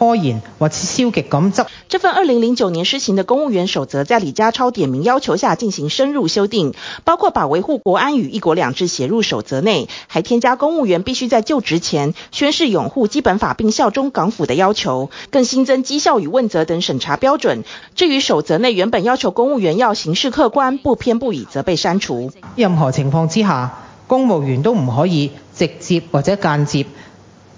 拖延或者消極咁執。這份二零零九年施行的公務員守則，在李家超點名要求下進行深入修訂，包括把維護國安與一國兩制寫入守則內，還添加公務員必須在就職前宣誓擁護基本法並效忠港府的要求，更新增績效與問責等審查標準。至於守則內原本要求公務員要行事客觀、不偏不倚，則被刪除。任何情況之下，公務員都唔可以直接或者間接。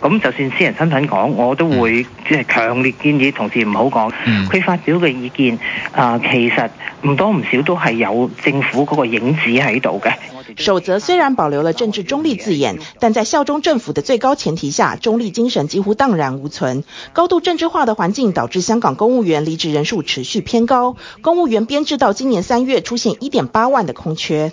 咁就算私人身份講，我都會即係強烈建議同事唔好講。佢、嗯、發表嘅意見，啊、呃，其實唔多唔少都係有政府嗰個影子喺度嘅。守則雖然保留了政治中立字眼，但在效忠政府的最高前提下，中立精神幾乎蕩然無存。高度政治化的環境，導致香港公務員離職人數持續偏高，公務員編制到今年三月出現1.8萬的空缺。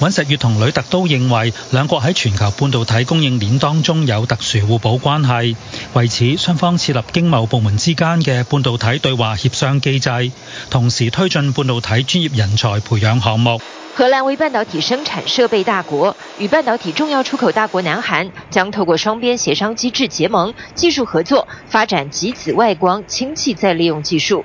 尹錫悅同呂特都認為，兩國喺全球半導體供應鏈當中有特殊互補關係，為此雙方設立經貿部門之間嘅半導體對話協商機制，同時推進半導體專業人才培養項目。荷蘭為半導體生產設備大國，與半導體重要出口大國南韓將透過雙邊協商機制結盟，技術合作發展極紫外光氫氣再利用技術。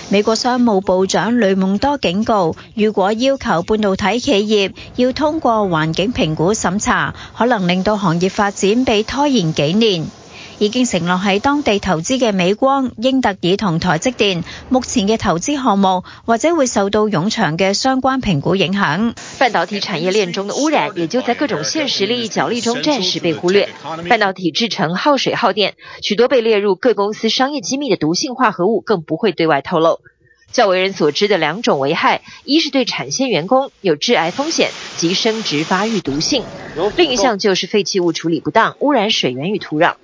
美國商務部長雷蒙多警告，如果要求半導體企業要通過環境評估審查，可能令到行業發展被拖延幾年。已經承諾喺當地投資嘅美光、英特爾同台積電，目前嘅投資項目或者會受到冗長嘅相關評估影響。半導體產業鏈中的污染，也就在各種現實利益角力中暫時被忽略。半導體製程耗水耗電，許多被列入各公司商業機密的毒性化合物，更不會對外透露。較為人所知的兩種危害，一是對產線員工有致癌風險及生殖發育毒性；另一項就是廢棄物處理不當，污染水源與土壤。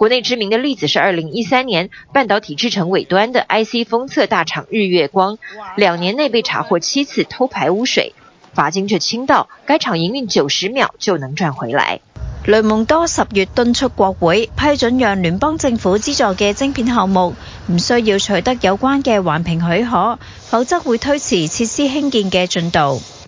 國內知名的例子是，二零一三年半導體製程尾端的 IC 封測大廠日月光，兩年內被查獲七次偷排污水，罰金卻輕到該廠營運九十秒就能賺回來。雷蒙多十月敦促國會批准，讓聯邦政府資助嘅晶片項目唔需要取得有關嘅環評許可，否則會推遲設施興建嘅進度。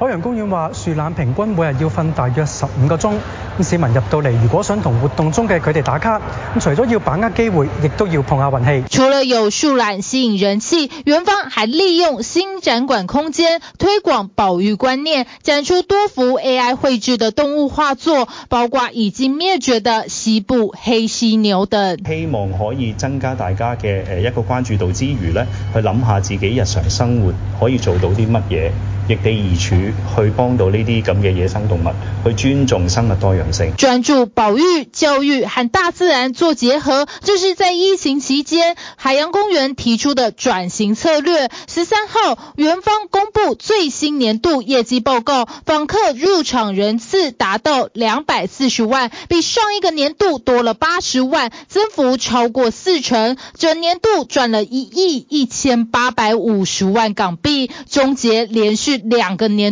海洋公園話樹懶平均每日要瞓大約十五個鐘，市民入到嚟如果想同活動中嘅佢哋打卡，除咗要把握機會，亦都要碰下運氣。除了有樹懶吸引人氣，園方還利用新展館空間推廣保育觀念，展出多幅 AI 繪製的動物畫作，包括已經滅絕的西部黑犀牛等。希望可以增加大家嘅誒一個關注度之餘咧，去諗下自己日常生活可以做到啲乜嘢，易地而處。去幫到呢啲咁嘅野生動物，去尊重生物多樣性，專注保育教育和大自然做結合，這、就是在疫情期間海洋公園提出的轉型策略。十三號園方公布最新年度業績報告，訪客入場人次達到兩百四十萬，比上一個年度多了八十萬，增幅超過四成，整年度賺了一億一千八百五十萬港幣，終結連續兩個年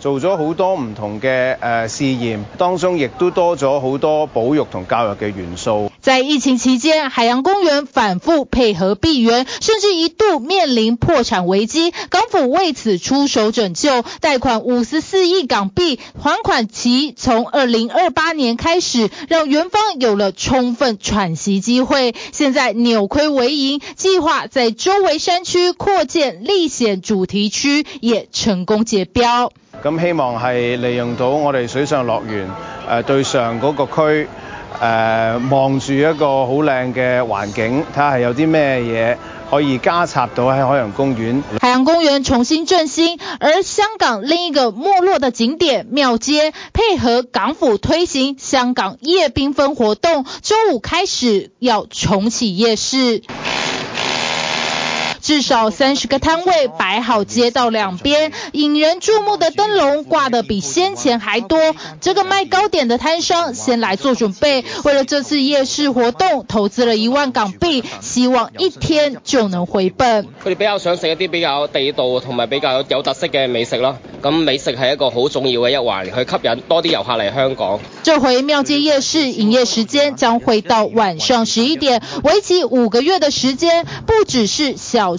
做咗好多唔同嘅誒試驗，當中亦都多咗好多保育同教育嘅元素。在疫情期間，海洋公園反覆配合閉園，甚至一度面臨破產危機，港府為此出手拯救，貸款五十四億港幣還款期從二零二八年開始，讓園方有了充分喘息機會。現在扭虧為盈，計劃在周圍山區擴建歷險主題區，也成功結標。咁希望係利用到我哋水上樂園誒、呃、對上嗰個區、呃、望住一個好靚嘅環境，睇下係有啲咩嘢可以加插到喺海洋公園。海洋公園重新振興。而香港另一個沒落的景點廟街，配合港府推行香港夜繽紛活動，周五開始要重啟夜市。至少三十個攤位擺好，街道兩邊引人注目的燈籠掛得比先前還多。這個賣糕點的攤商先來做準備，為了這次夜市活動投資了一萬港幣，希望一天就能回本。佢哋比較想食一啲比較地道同埋比較有有特色嘅美食咯。咁美食係一個好重要嘅一環，去吸引多啲遊客嚟香港。這回廟街夜市營業時間將會到晚上十一點，為期五個月的時間，不只是小。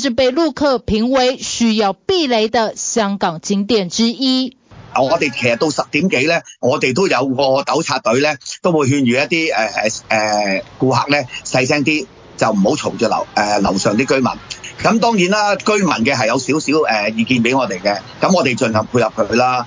是被陸客評為需要避雷的香港景點之一。我哋其實到十點幾咧，我哋都有個糾察隊咧，都會勸喻一啲誒誒誒顧客咧，細聲啲，就唔好嘈住樓誒、呃、樓上啲居民。咁當然啦，居民嘅係有少少誒、呃、意見俾我哋嘅，咁我哋進行配合佢啦。